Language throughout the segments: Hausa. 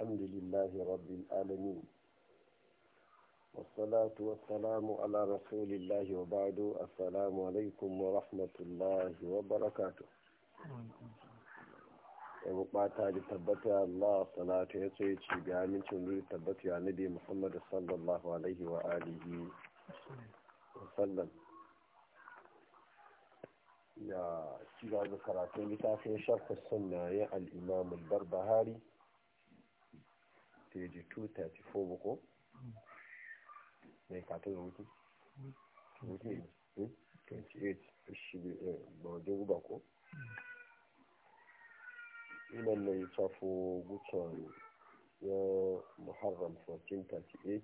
الحمد لله رب العالمين والصلاة والسلام على رسول الله وبعد السلام عليكم ورحمة الله وبركاته وقعت تبت الله صلاة يتعيش بعامل وسلم تبت يا الله محمد صلى الله عليه وآله وسلم يا شيخ هذا كراتين لتاكي شرح السنة يا الإمام البربهاري page 234 buko mai katon wuki wuki 28 shi gbogbo guba ko inan tafo ya muharram 1438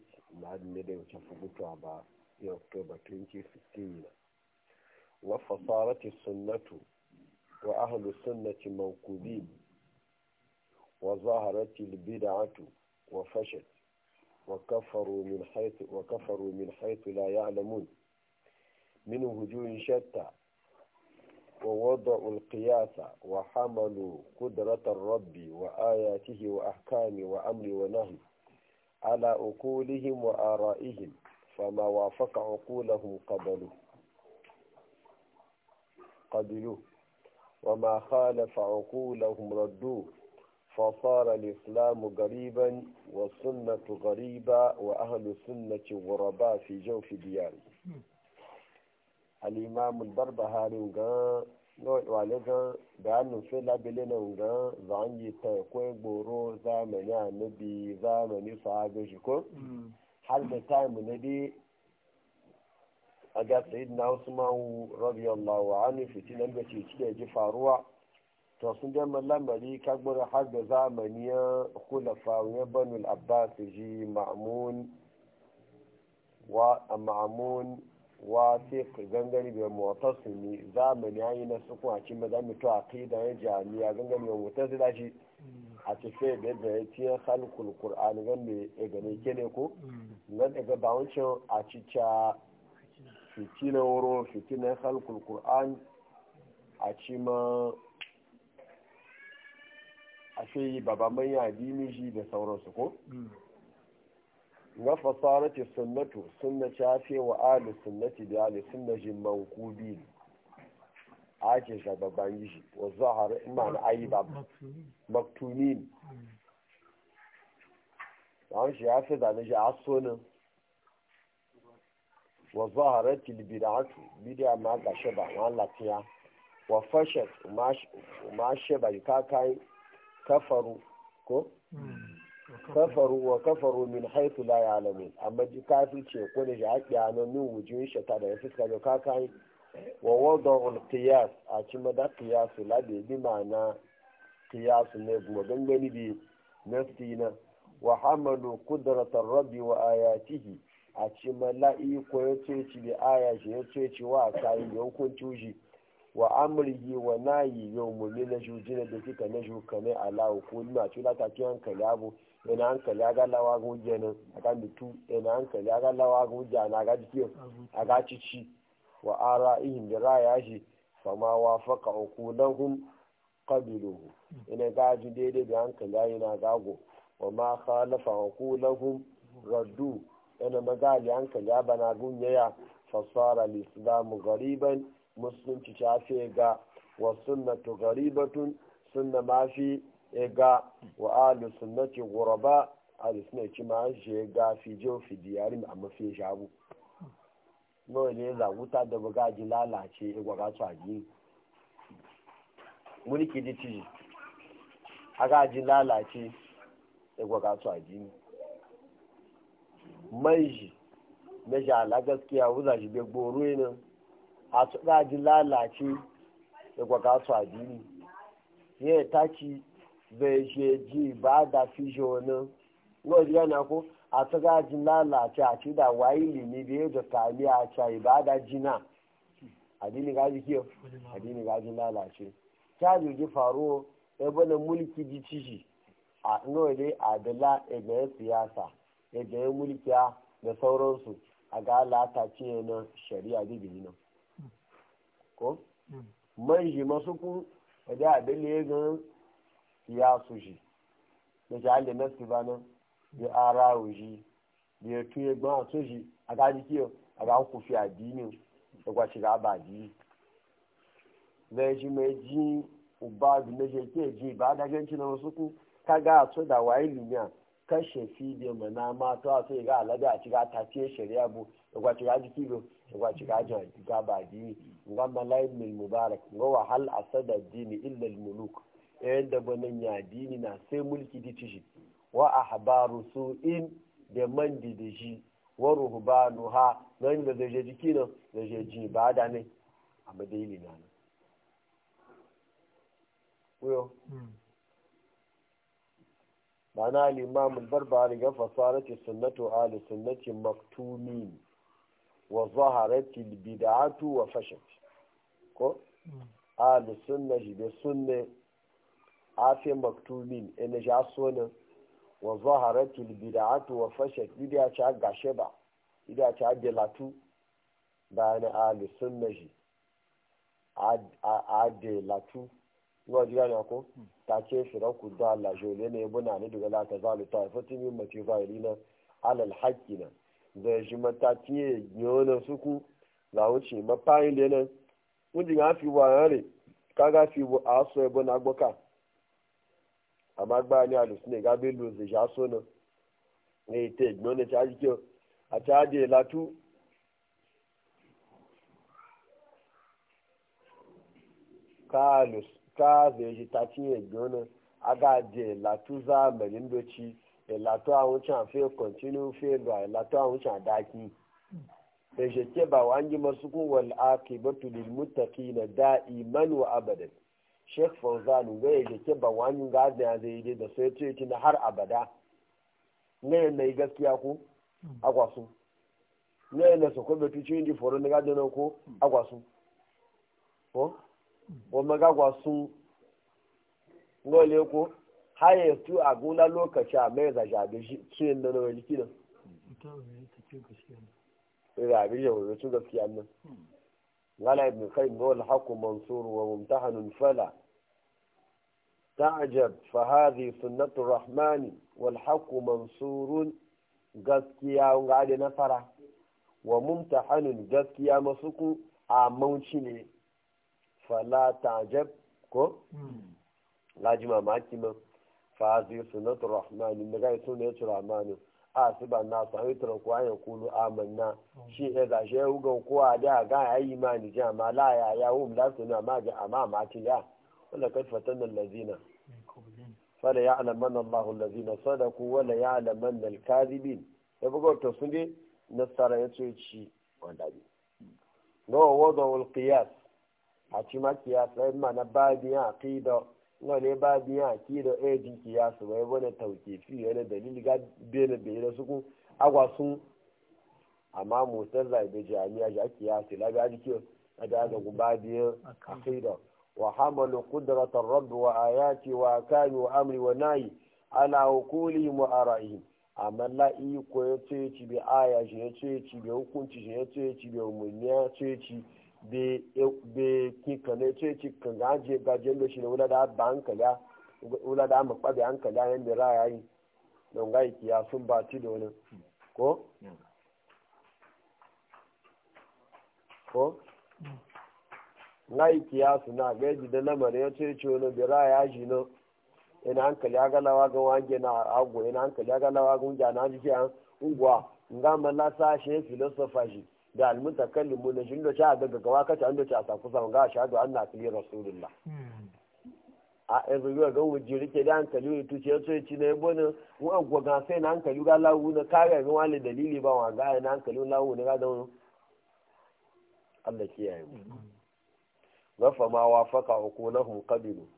ne da ya tafo ba ya oktoba wa fasarati sunnatu وفشل وكفروا من حيث وكفروا من حيث لا يعلمون من وجوه شتى ووضعوا القياس وحملوا قدرة الرب وآياته وأحكام وأمر ونهي على عقولهم وآرائهم فما وافق عقولهم قبلوا قبلوه وما خالف عقولهم ردوه فصار الإسلام غريبا والسنة غريبة وأهل السنة غرباء في جوف ديار الإمام البربهاري وعليك بأنه في لابلين ونغا زعني تيكوي بورو زامن يا نبي زامن يصعب جكو حال بتايم نبي أجاب سيدنا عثمان رضي الله عنه في تنبتي تيجي فاروع to sun dai lamari kagbara har da zamaniyar kulafa ya banul abbas ji ma'amun wa ma'amun wa sai gangari bai mutasimi zamani yayi na suku a cikin maza mutu mm. a kai da ya jami'a gangari bai mutasila shi a tafiya da yadda ya tiyan halkul qur'an gande ya gane ke ne ko mm. nan daga ba wancan a cica na wuro na halkul qur'an a cima ashe baba manya dini shi da sauransu ko na hmm. fasarati sunnatu sunna shafe wa ahli sunnati da ahli sunna jin mankubi ake shaba babban yi wa zahara na ayi ba maktunin hmm. an shi ya fi zane shi asonin wa zahara tilbidatu bidiya ma ga shaba ma latiya wa fashat ma shaba yi kakai kafaru ko kafaru wa kafaru min haitu la ya'lamun amma ji ce ko da haƙi nan min shi shata da fuska da kakai wa wada'ul qiyas a cima da qiyas la bi bi mana qiyas ne kuma gangani bi nafsina wa hamalu qudratar rabbi wa ayatihi a cima la'i ko ce ci da aya shi ce ci wa kai yankun tuji wa amurji wa yi yau mulmi na jujina da kika na jukane alawo ko na cula ta ki hankali abu ina hankali aga lawa ga wujja nan aga mitu ina hankali aga lawa ga wujja na aga jiki ga cici wa ara ihin da raya shi fama wa faka uku na hun kabiluhu ina gaji daidai da hankali ayi na gago wa ma khalafa uku na hun raddu ina magali hankali abana gunyaya fasara al-islamu gariban musulunci ta fi ga wa sunnatu garibatun sunna ma fi ga wa ahlu sunnati da suna ci ma je ga fi je fi diyari a mafi shabu no ne za wuta da buga ji lalace igwa ga jini mulki di ci ga ji lalace igwa ga tsaji mai ji na ala gaskiya wuza shi bai gboro nan a tuɗa ji lalace da gwaka su adini ya taki bai je ji ba da fi jonin lori yana ko a tuɗa ji lalace a ci da wayi limi e e da ya jaka ni e a ca ibada jina adini gaji kiyo adini gaji ebe na mulki dị ciki a adịla adala ebe siyasa ebe mulkiya da sauransu a ga lata ce na shari'a bibili nan ko mm. man shi masu kun wajen abin da ya gan ya su shi na shi halin na su banan da ara wuji da ya tuye gban su shi a ga jiki a ga fi addinin da kwa shiga ba ji na shi mai ji uba da na shi ke ji ba da ganci na masu kun ka ga a tsoda waye limiya kashe fi da mana ma to a tsoye ga alada a ciga tafiye shari'a bu da kwa shiga jiki da kwa shiga jan ba ji nga malai mil mubarak wa wa hal asada dini illa muluk en da banan ya dini na sai mulki di tishi wa ahbaru su'in da man di da shi wa ruhbanu ha nan da zai jiki nan da zai ba ne a madaili na nan kuyo ma'ana hmm. al-imam al-barbari ga fasarati sunnatu ahli sunnati maktumin wa البدعة وفشت wa fashat ko ahlus sunna jibe sunne afi maktubin ina ja sunan wa zaharatil bid'atu wa fashat bid'a ta gashe ba bid'a ta delatu bayan ahlus ko ta ce shiraku da Allah jole ne buna ni daga la ta zalu ta fatin min zalina alal haqqina da shi matati ya yi na suku za wuce mafayin da nan wujin ya fi wa yare kaga fi bu a so ebo na gboka amma gba ni alusu ne gabe lu zai sha so na ne ita igbo ne ta ajiye kyau a ta je latu ka alus ka zai ji ta cinye igbo a aga je latu zamanin doci ìlàtọ́ àwọn tí a fẹ́ kọ̀ntínú fẹ́ lọ ìlàtọ́ àwọn tí a dákì ẹ̀ṣẹ̀ ba wa ń jí masu kún wal aki batu lil mutaki na da iman wa abadan sheikh fauzan ga ẹ̀ṣẹ̀ tí ba wa ń jí gazin a zai da sai ce ki na har abada ne na yi gaskiya ko akwasu ne na su ko batu ci ndi foro na gazin ko akwasu ko wọ́n mẹ́gàgbà sun ngọ́ọ̀lẹ́ ko. hayatu tu a gona lokaci a mai zaja da shi su yin nan wani kinan rabi ya wuri su gaskiya nan gana ibn kai ga haku haqqu mansur wa mumtahanun fala ta'jab fa hadhi sunnatu rahmani wal haku mansurun gaskiya ga da nasara wa mumtahanun gaskiya masuku a mauci ne fala ta'jab ko hmm. laji mamaki fazi sunatu rahmani daga yi suna ya rahmani a su ba na su hanyar tura kuwa ya kulu amanna shi ya ga shi ya hugan kowa da ga ya yi imani ji amma la ya ya hum la suna ma ji amma ma ci ya wala kad fatanna allazina fala ya'lamanna allahu allazina sadaku wala ya'lamanna ya bugo to sun na nasara ya ce shi wanda bi no wada qiyas a ci ma ma na badiya aqida wani ba biya ki da ɗaya jiki ya su bai wani e tauke fi wani dalili ga biya da biya da agwa sun amma motar zai da jami'a ya ki ya su labi aji kiyo a da aga guba biya a kai da wa hamalu kudratar rabbi wa ayati wa kani wa amri wa nayi ala hukuli mu ara'i amma la'i ko ya ce ci bi aya shi ya ce ci bi hukunci shi ya ce ci bi ce ci E, be kika ne ce ci kan gaje gajen da shi ne wula da ba hankali wula da mu kwabe hankali a yadda ra yayi don ga iki sun ba ci da wani ko ko na iki su suna ga da lamarin ya ce ci wani bi ra ya ji no ina hankali ya galawa ga wange na agwo ina hankali ya galawa ga na jiki an ungwa nga malasa shi filosofa shi da almutakallimu na shi da a daga gawa kacce an doce a saku sa ga shahadu na fili rasulullah hmm. a yanzu yau ga wujin rike da hankali ne tuce ya ce ci na yabo ne wa gwaga sai na hankali ga lawu na kare ga wani dalili ba wa ga na hankali lawu ne ga wani Allah kiyaye mu hmm. gafa ma wa faka wafaka kabilu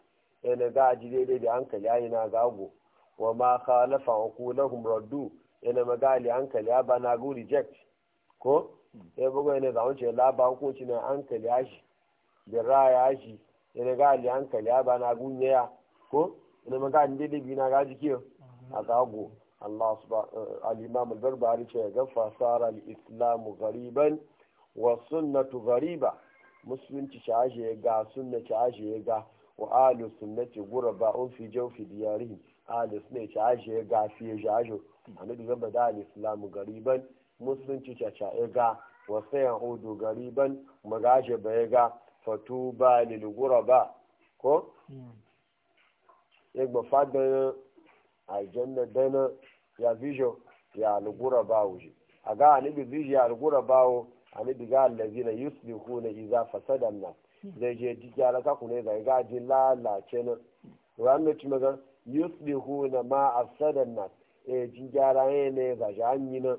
ya eh, na ga ji daidai da hankali ayi na gago wa ma khalafa ukulahum raddu eh, na magali hankali ba na go reject ko sai bugu ne za wuce laban koci ne na hankali ya shi birra ya shi yana ga ali hankali ya ba na gunye ya ko ina maka ni dai bi na gaji kiyo a gago Allah subhanahu eh, al-imam al-barbari ce ga fasara al-islamu ghariban wa sunnatu ghariba musulunci shaje ga sunna shaje ga wa ahlu sunnati guraba'un fi jawfi diyarihim ahlu sunnati shaje ga fi shaje annabi zamba da al-islamu ghariban musulunci caca ga wasu yan hudu gariban magaje bai ga fatu ba liligura ba ko? igba hmm. fadana janna dana ya vijo ya ligura ba wuce a ga anibi vijo ya ligura ba wo anibi ga allazi na yuslihu na iza fasadan na zai je jiki ya raka kuna zai ga ji lalace na ranar ci maga yuslihu na ma afsadan na e eh, jin gyara ne zai ga ji hanyi na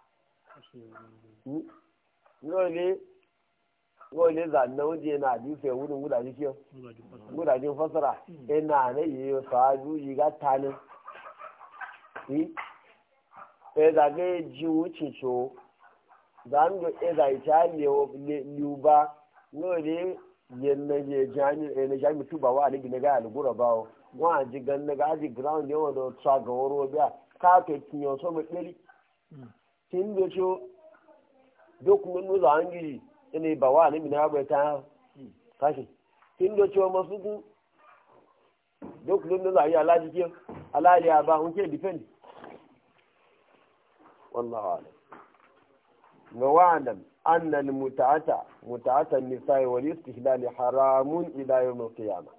lóòlé lóòlé zanna oúnjẹ náà àdúfẹ wúni wúdàjú kí ọ wúdàjú fọsọra ẹnà àná yìí fàájú yìí ká tani ẹdàgẹ jiwu tsitso zandu eza ìtsá liuba lóòlé yẹnna yẹjani ẹnìjà mi túbà wà níbi nígbà àlùkùrọ̀ bá ọ wọn àti nígbà ground yẹn wọn lọ tsọ káàkiri tìyàn sọmọ tin da cho duk mu za angi ne ba wa ne mina ba ta kashi tin da cho masu ku Duk mun nuna ya alaji ke alaji ba hunke defend wallahu alam wa wa'lam anna al mut'ata mut'ata an-nisa'i wal istihlal haramun ila yawm al-qiyamah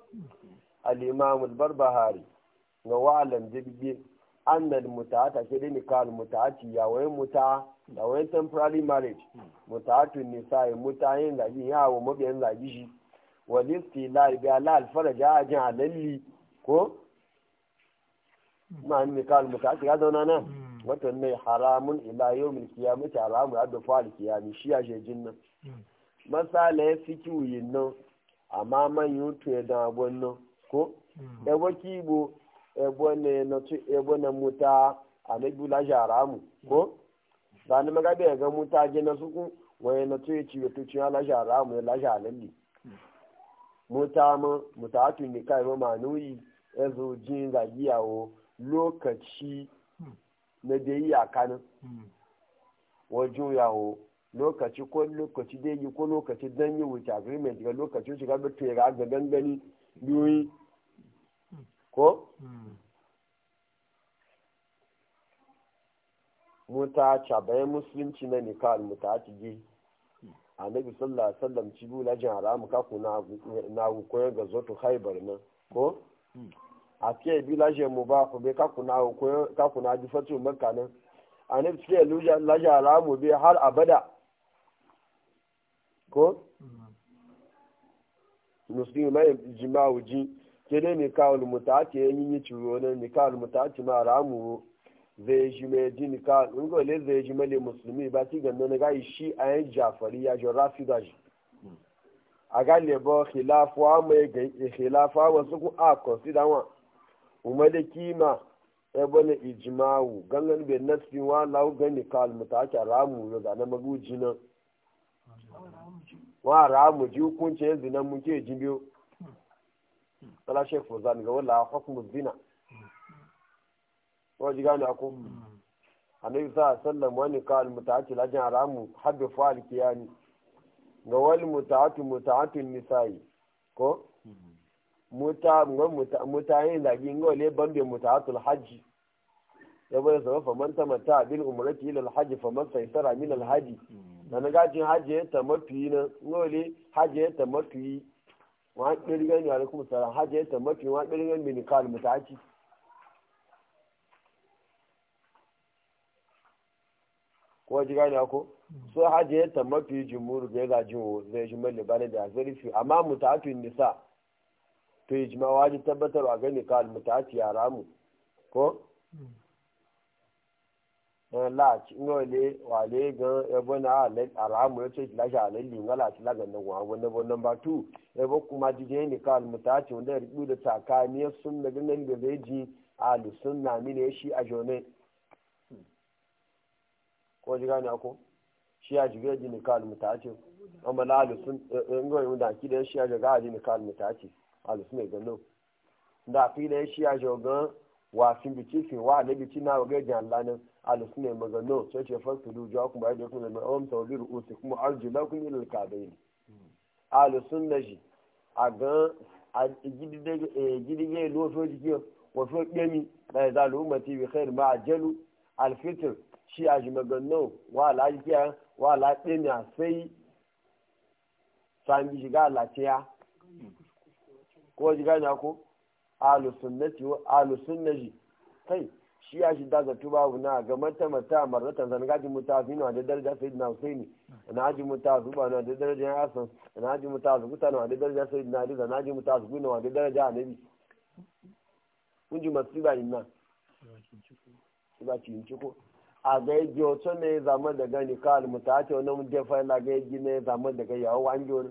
al-imam al-barbahari wa wa'lam jibbi annal mutata ke dai nikahul mutaati ya wai muta da wai temporary marriage mutatun nisa'i mutayen zagi ya wa mabiyan zagi shi wa listi la bi ala al faraja ajin alalli ko ma nikahul mutaati ga zauna nan wato ne haramun ila yawmil qiyamati haramun adda fa'al qiyami shi ya je jinna masala ya fi kiwuyin nan amma man yutu ya da abun nan ko da wakibo ebone na tu ebone muta anabi la jaramu ko dan maga da ga muta je na suku waye na tu ci tu ci la jaramu la jalalli muta ma muta atu ne kai ma manuyi ezo jin ga giyawo lokaci na da yi akanin hmm. wajen yawo lokaci ko lokaci da yi ko lokaci don yi wuce agreement ga lokaci shiga bitu ya ga gangani biyoyi ko hmm. mutaca bayan musulunci na nika mutaci ji annabi A alaihi wasallam ci bu la jin haramu kaku na ku ga zoto haibar nan ko hmm. a fiye bi la jin mu ba ku bai kaku na ku koyar na ji fatu nan a na luja la haramu har abada ko hmm. musulmi mai jima'u ji kene nikahul mutaati yin yi ciro nika olumuta mutaati ma ramu zai ji mai ji nikah in le zai musulmi ba ti na gai shi jafari ya jo rafida shi e a ga khilafu a mai ga da kima e bane gangan be nasbi wa da na wa muke kala shek zani ga wala hukmu zina ko ji gani ko annabi sa sallam wani kal mutaati jan ramu habbi fa'al kiyani ga wal mutaati mutaati nisa'i ko muta muta gi ngo le bambe mutaatul hajji ya bai zama faman ta mata bil umrati ila alhaji faman saisara min alhaji hmm. da na gajin haji ta mafi na le hajji ta mafi wa ɗirgan ya alaikum salam hajji ya tambafi wa ɗirgan ne kal mutaci ko ji gani ko so hajji ya tambafi jumhur ga ga jiwo zai ji malli bane da zarifi amma mutaci nisa to ijma waji tabbatar a gani kal mutaci ya ramu ko hmm. láti ngọ́ọ̀lẹ́ wà lé gan ẹbọ́ náà àràmù ẹ̀ tó ìtìláṣà àlẹ́ lè wọ́n láti lágànnà wọn àwọn ẹbọ́ nọmba tù ẹbọ́ kuma jíjẹ ẹnì ká àlùmọ̀tà àti wọn dẹ́rẹ́ gbé lọ́tà ká ní ẹ̀sùn mẹ́gbẹ́lẹ́ lọ́lẹ́ jí àlùsùn náà mí ní ẹ̀ṣí àjọ náà. kọ́ jí káni akọ́ ṣí àjùgẹ́ jí ní ká àlùmọ̀tà àti ọmọ náà àlùsùn ngọ́ọ̀lẹ́ dà kí lẹ́ ṣí àjọ gáà jí ní ká àlùmọ̀tà àti àlùsùn gan alusunai magano sai ce fasu dujuwa kuma ya kuma mai awon tauri rukusi kuma arjula kun yi lalkabe ne alisun na shi a gan a gidige lofo jiki wasu ɗemi na ya zalu umarci bi khair ma ajalu alfitir shi a shi magano wa alajiya wa alaɗemi a sai sami shiga alaciya ko ji gani ko alisun na shi kai shi ya shi daga tuba na ga mata mata marratan zan gaji mutafi na da daraja sayyidina husaini na haji mutafi ba na da daraja san na haji mutafi kuta na da daraja na ali na haji mutafi ku na da daraja annabi kun ji masiba inna ba cin in ciko a ga yaji wato ne zama daga ni ka al mutaati wannan mun defa la ga yaji ne zama daga yawo wanjo ne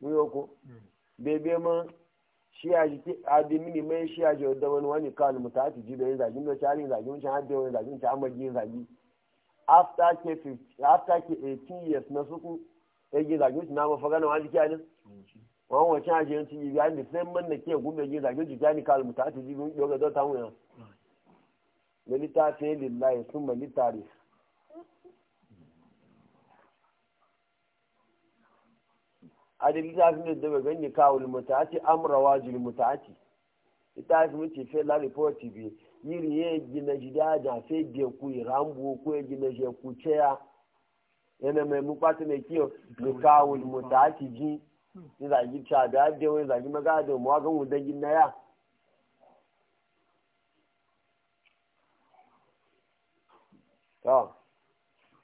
mu yoko hmm. bebe ma shi ya ji adi mini mai shi ya ji da wani wani kan mutati ji bai zagi mai shari zagi mun hadi zagi mun amaji zagi after yin zagi after ke 18 years na suku ya ji zagi mun na mafaga na wani kiyani wọn wọn can ajiyar ti yi sai man da ke gube yin zagi ji jani kan mutati ji mun yoga don ta wuya lalita fiye lillahi sun malita risk a da gida sun yadda bai ganye kawo limutaci amurawa ji limutaci ita su mace fela report bi yiri ya gina shi da aja fe biya ku rambo ko ya gina shi ku ceya yana mai mu kwata mai kiyo da kawo limutaci ji ni zagi cha da da wani zagi maga da mu ga mu da gina ya to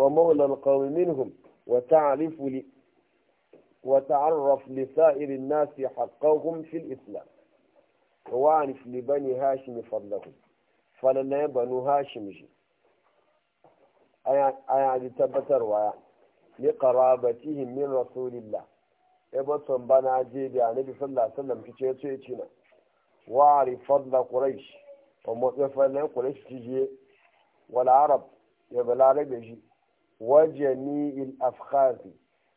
ومولى القوم منهم وتعرف لي وتعرف لسائر الناس حقهم في الإسلام وعرف لبني هاشم فضلهم فلن بنو هاشم جي أي أي تبتر ويا لقرابتهم من رسول الله يبطن بنا جيبي عن النبي صلى الله عليه وسلم في تيتينا وعرف فضل قريش ومؤفلين قريش تجي والعرب يبلا ربي جي il afkhazi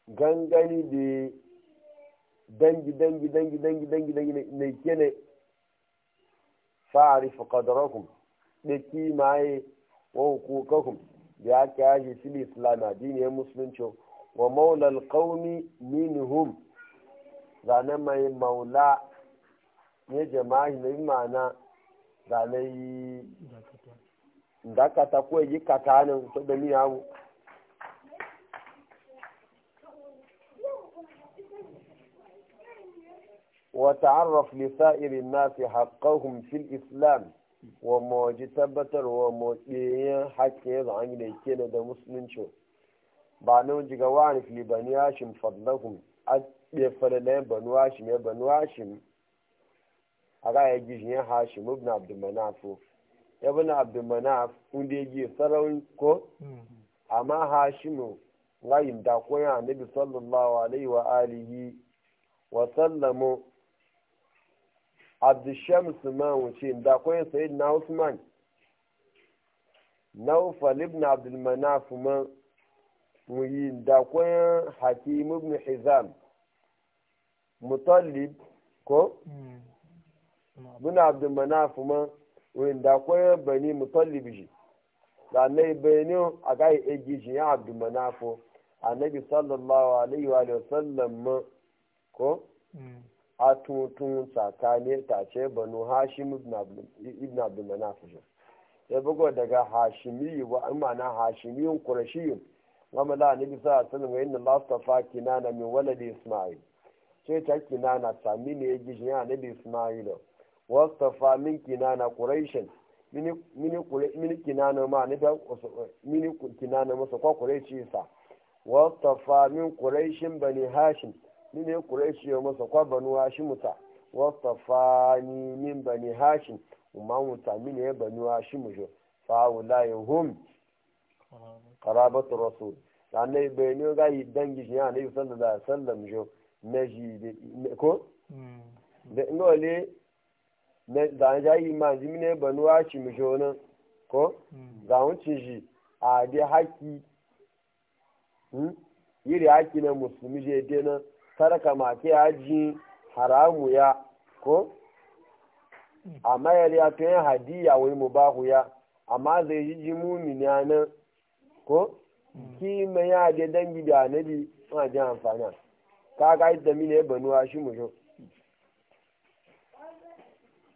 gangani da dangi dangi dangi dangi dangi dangi mai kene fa'arifu qadarakum da kimaye wa hukukakum da ya kaji fil islam addiniyar musulunci wa maulal qaumi minhum zane mai maula ne jama'i mai mana zane yi da ko yi kata to da miyawu وتعرف لسائر الناس حقهم في الإسلام وموجتبتر وموجيه حق يضع عن الكينة دا مسلم شو بعنو جيغا وعنف لبني هاشم فضلهم أتبفل لهم بنواشم يا بنواشم أقا أغا يجيجي هاشم ابن عبد المناف ابن عبد المناف وندي يجي سرون كو أما هاشم غايم دا قوي النبي صلى الله عليه وآله وسلم abdushams ma wuce da kwaye sayid na usman naufal na abdulmanaf ma muyi da kwaye hakim ibn hizam mutallib ko ibn abdulmanaf ma wuyi da kwaye bani mutallib ji da nai bayani a ga egi ji ya abdulmanaf annabi sallallahu alaihi wa sallam ko mm. a tutun tsakanin tace banu hashim ibn abdul manaf ya bugo daga hashimi wa amana hashimiyun qurashiyun wama la nabi sallallahu alaihi wasallam inna allah kinana min waladi isma'il sai ta kinana sami ne ya gishin ya nabi isma'il wa tafa min kinana quraishin mini mini kinana ma da mini kinana masa ko quraishi sa wa tafa min quraishin bani hashim ne kureshi ya masa kwa banu wata wasafani min bani hashim umma muta mine ya banu hashimu jo fa ulai hum karabatu rasul annabi bai ne ga yi dangi shi ya annabi sallallahu alaihi wasallam jo naji ko hmm. da ngole ne da ja yi ma zimine banu hashimu jo na ko hmm. ga wucin shi a dai haki hmm? yiri haki na musulmi je dai na taraka mafi haji haramu ya ko amma yar ya to yin hadiya wai mubahu ya amma zai yi ji mumini nan ko ki mai ya je dangi da anabi ma ji amfana ka ga yadda mini ya banuwa shi mu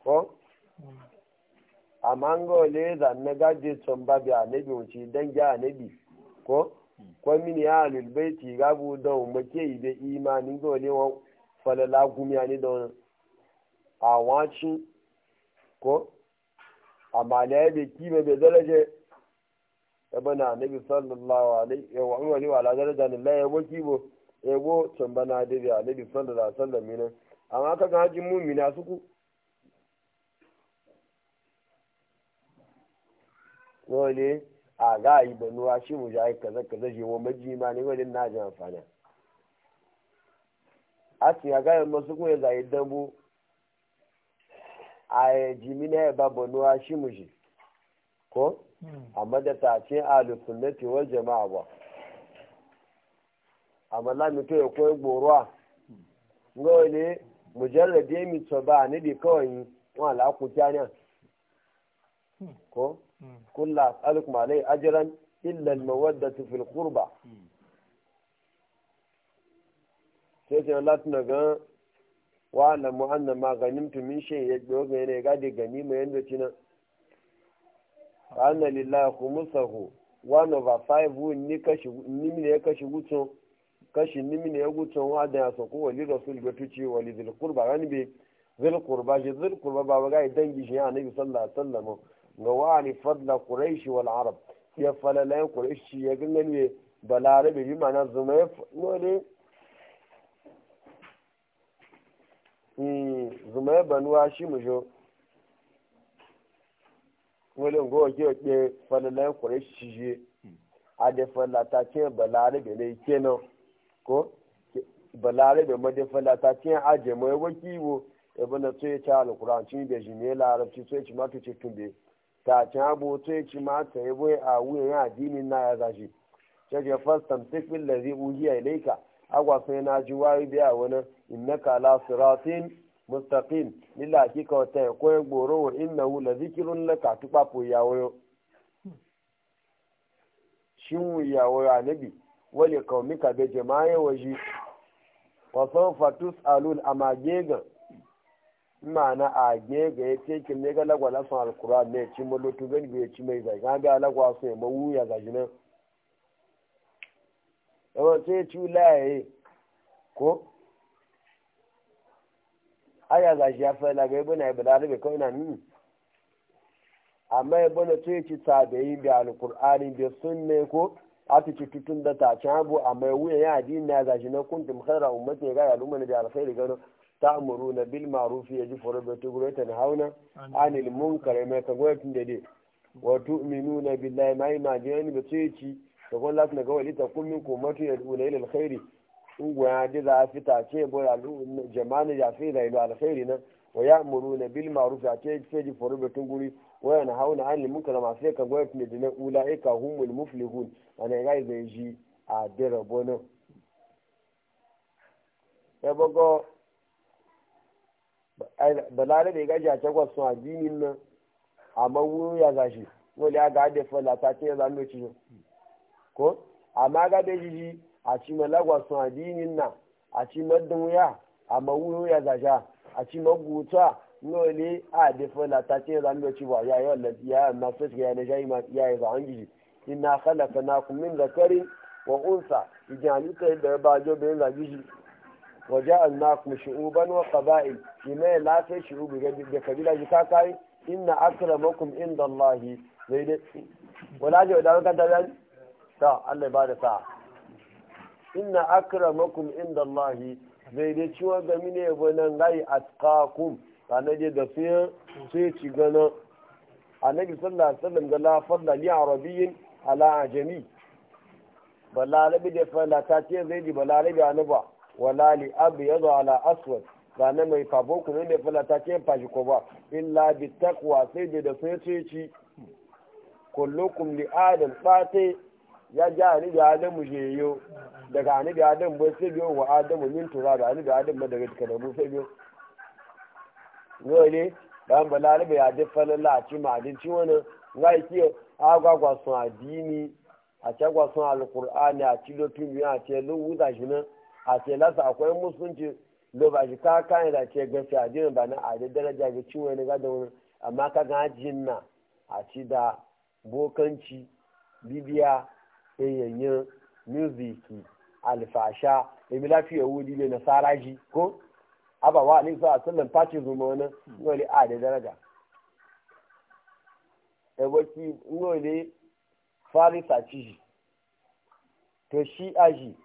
ko amma an ga wale zanne gaje tsombabia anabi wuce dangi anabi ko Hmm. kwan mini ya alilbaiti gabu da umarke da imanin ga wani falala gumiya ne don wani a wacin ko a malaya da kima bai daraje ya bana nabi sallallahu alaihi wa wani wa daraja ne la yabo kibo yabo can bana da bi nabi sallallahu alaihi wasallam ne amma kaga hajin mumina suku Wale, a za yi banuwa shi mu ja kaza kaza je wa maji ma ne wajen na ji amfani a ce ya gaya masu kuma ya zayi dambu a jimi na ya ba banuwa shi mu ji ko hmm. amma da ta ce alusunnati wal jama'a ba amma lami to ya koyi gboruwa hmm. ngawa ne mujarrabe mi tsoba ne bi kawai wala kuta ne hmm. ko kulla as'alukum alayhi ajran illa al-mawaddatu fil qurba sai ce Allah tuna ga wa alamu anna ma ganimtu min shay ya doga ne ga de ganima yanda cinan anna lillahi khumsahu one over five ni kashi ni ya kashi kashi ni ya gutsun wa da so ko wali rasul ga tuci wali zil qurba yani be zil dangi shi annabi sallallahu alaihi wasallam ga wani fadla quraishi wal arab ya falalayen quraishi ya gangane balarabe bi ma'ana zuma ya nole zuma ya banuwa shi mu jo wani gowa ke ke falalayen quraishi je a da falata ke balarabe ne kenan ko balarabe ma da falata ke aje mai wakiwo ibn da tsoye ta alkuranci da jimela arabci tsoye ci matuce tunde ta can abotu ya ci ta yi bai a wuyan ya addinin na ya zashi ce ke fastan tikbin da zai a ilaika agwa sai na ji wayo biya wani inna ka la siratin mustaqim lilla hakika wata ya koyar goro wa wula la zikirun laka tubapo ya wayo shin ya wayo nabi wale kaumika bai jama'a waji wa fatus alul a magegan. mana a gega ya ce kin ne ga lagwa na san alkura ne ci mu lutu gan bi ci mai zai ga ga lagwa su ma wuya ga jina yawa e sai ci lai e, ko aya ga ji afa la ga ibn ibn da ko ina ni amma ibn sai ci ta da yi bi alqur'ani bi sunne ko ati ci tutun da ta ci abu amma wuya ya addini na ga jina kuntum khaira ummati ga ya lumana bi alkhairi gano ta'muruna bil ma'ruf yajfuru bi tugratan hauna anil munkar mai ka tun da dai wa na billahi mai ma jani ba ce ci to kun lati ga wali ta kun ko matu yad'una ila alkhairi in goya da za fita ce bo jama'a ya fi da ila alkhairi na wa ya'muruna bil ma'ruf ya ce ce ji furu bi tuguri wa yanhauna anil munkar ma sai ka tun da dai ulaika humul muflihun ana ga zai ji a dira bono ya bago balarabe ga jace kwa sun addinin nan a wuri ya zashi wani aga ade fala ta ce za mu ci ko amma ga da jiji a ci malagwa sun addinin nan a ci maddin wuya a wuri ya zasha a ci maguta nole a de fala ta ce za mu ci ba ya yi wannan ya na su ya ne ma ya yi za ina kala kana khalaqnakum min zakarin wa unsa idan alika da ba jo bin zajiji waje annakum shu'uban wa qaba'il kima la fi shu'ub ga kabila ji ka kai inna akramakum indallahi dai dai wala ji da ka dalal ta Allah ba da sa inna akramakum indallahi dai dai ciwa ga mine wannan gai atqakum kana je da sai sai ci gana annabi sallallahu alaihi wasallam ga la fadla li arabiyyin ala ajami balalabi da fa la ta ce zai ji balalabi annabi wala li abyad ala aswad zane mai fabo ku ne fulata ce fashi ko ba illa bi taqwa sai da da sai ce ci kullukum li adam fate ya ji anibi adamu sheyo daga da adam bai sai biyo wa adamu min tura da da adam ma daga daga mu sai biyo ne dan balalibe ya ji falala ci ma din ci wani ga yi agwagwa sun addini a cagwa sun alkur'ani a cilotu biyu a ce lu wuta shi nan a ce lasa akwai musulunci lo ba shi ka kan da ce gafi addinin ba na adin daraja ga ciwo ne ga da wani amma ka ga na a ci da bokanci bibiya yayyanyin muziki alfasha emi fiye wuli ne na saraji ko abawa ne sa a sallan face zuma wani wani a da daraja ewaki wani farisa ci to shi aji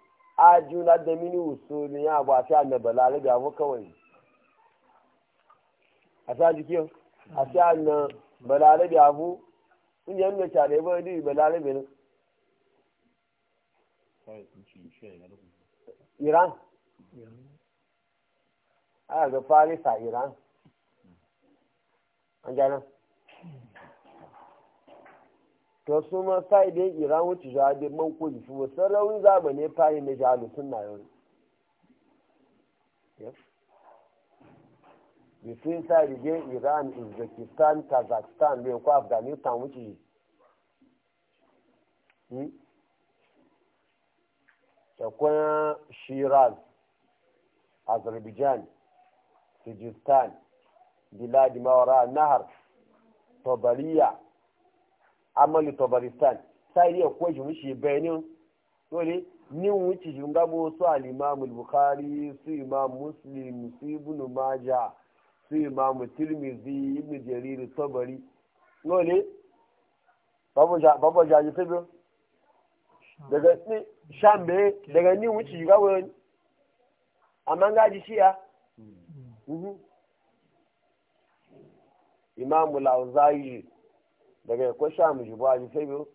ajula da mini usuli ya ba ta na balare ga mu kawai a sa jikiyo a sa na balare ga mu kun yan da tare ba di balare ne Iran a ga sa Iran an na. to su ma sai dai iran wuce ja da man ko ji su sarawin zamane fayi na jalu sunna yau Bisin sa rige Iran, Uzbekistan, Kazakhstan, mai ko Afghanistan wuce ji. Hmm? Da kuma Shiraz, Azerbaijan, Sijistan, Biladi Mawara, Nahar, Tobariya, amalu tabaristan sai ya ko jimi shi bayani dole ni wuce shi ga bo su al-imam al-bukhari su imam muslim su ibn majah su imam tirmidhi ibn jarir tabari dole babu ja babu ja ji tabi daga ni shambe daga ni wuce shi ga bo amma ga ji shiya hmm. mhm. imam al-auza'i daga ko sha mu shi ba ji sai biyu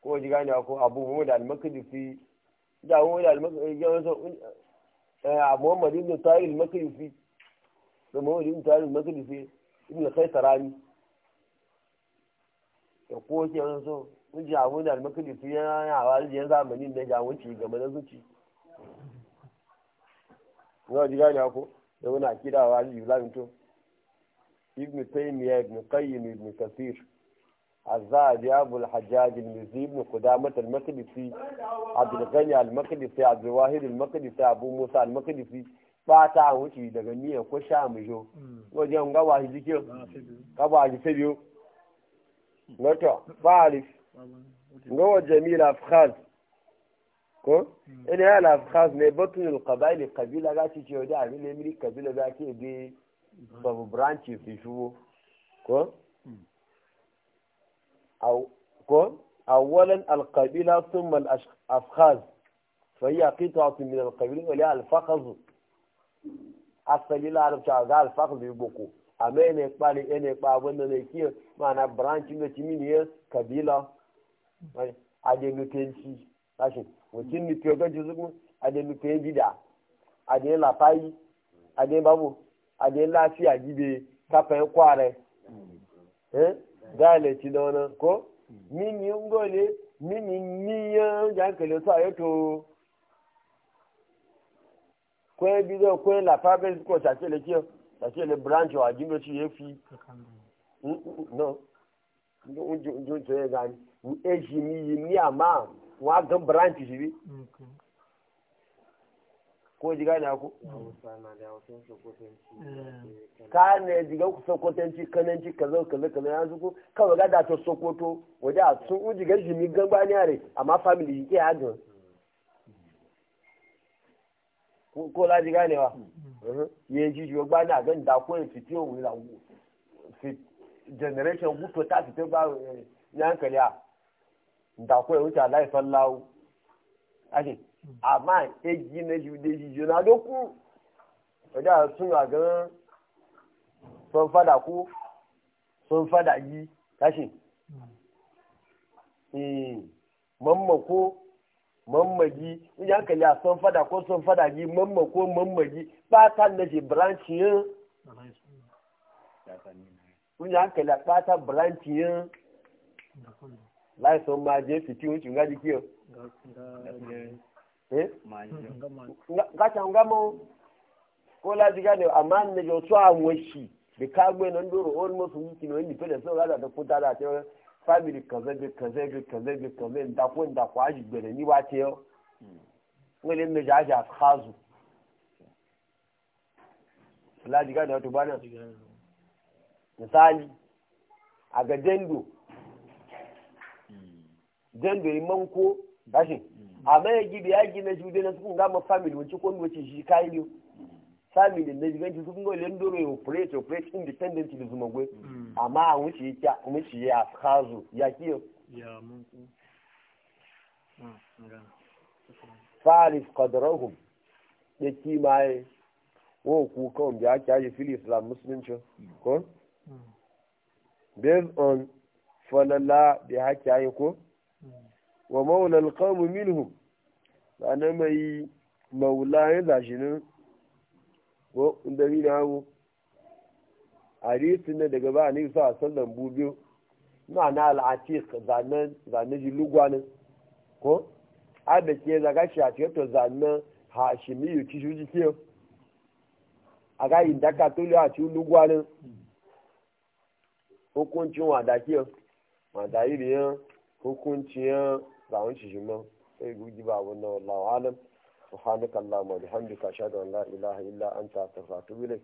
ko ji gani ko abu mu da almakadisi da mu da almakadisi ya wasu eh, a muhammad ibn tahir almakadisi da muhammad ibn tahir almakadisi ibn khaytarani ya ko ji an so mu ji abu da almakadisi ya ya wa ji yan zamanin da ya wuce game da zuci ko ji gani ko da wani akida wa aliyu lamin to ibn taymiya ibn qayyim ibn kathir الزهد أبو الحجاج المزي بن قدامة المقدسي عبد الغني المقدسي عبد الواحد المقدسي أبو موسى المقدسي a wuce daga niyan ko sha mu jo wajen gawa shi jike gawa shi ko ina ya ne batun alqabail qabila ga ci ce da miri za ke bi babu branches da shugo ko hmm. ko awalan alqabila thumma al-afkhaz fa hiya qit'atun min al-qabil wa la al-fakhz asali la arabta ga al-fakhz yubuku amma ene pali ene pa wanda ne ki mana branch ne timi ne kabila a de nutenci tashi wakin ni pyoga juzugu a de nutenci da a de lafayi a de babu ade lafiya gibe kafin ko mini mini a yato kwen bizo kwe la fabric ko sace le kiyo branch wa gibe ci yefi no njun njun tsoye gani eji ni yi ni ama wa gan branch ko jiga gane ku ka ne diga ku sokotanci kananci kaza kaza kaza ya zuku kawai ga da to sokoto waje a sun jiga ga jimi gamba ne are amma family yake ya ga ko la ji wa mm. uhm. ye ji gba na ga da ko fiti o wi la generation guto ta ba eh, a da ko wuta lai ake àmà èjì méjì méjì jọ̀nà ló kù ọ̀dà súnra gan sọ́nfàdà kú sọ́nfàdà yí káṣí mọ́mọ́ kó mọ́mọ́ yí níjà ń kẹ̀lé à sun kó sọ́nfàdà yí mọ́mọ́ kó mọ́mọ́ yí pátá méjì branch yẹn níjà ń kẹ̀lé à pátá branch yẹn láìsọ máa jẹ́ fìtí oúnjẹ ń gájí Eh? gacha ngamo ko laji gane amma ne yo so awon shi da kagbe nan doro almost yiki no ni pele so gaza da kuta da te family kaze be kaze be kaze be kaze nda ko nda ko aji gbere ni wa te eh? o wele me ja ja khazu laji gane to bana misali a ga dendo hmm. dendo yi manko bashin amma ya gibi ya gina shi na sukun gama family wacce ko wacce shi kai ne family na jigan shi sukun gole lendo mai operate operate independent da zuma gwai amma a wuce ya wuce ya kazo ya kiyo ya munku ah, faris qadrahum ya kimaye wo ku kawai da ake aje fili islam musulunci ko mm. based on falala da hake yi ko wa maula alqawmu minhum ana mai maula ya zashi nan ko inda ni na mu hadisin da daga ba ni sa sallan bubiyo na al'atiq zanen zanen ji lugwanin ko ada ke zaga shi a cikin zanen hashimi yi ci shuji ke a ga yi daka tulu a cikin lugwanin hukuncin wada ke wada hukuncin ba wani shi jimman sai guji ba wannan wallahu alam subhanaka allahumma wa bihamdika ashhadu an la ilaha illa anta astaghfiruka wa atubu ilaik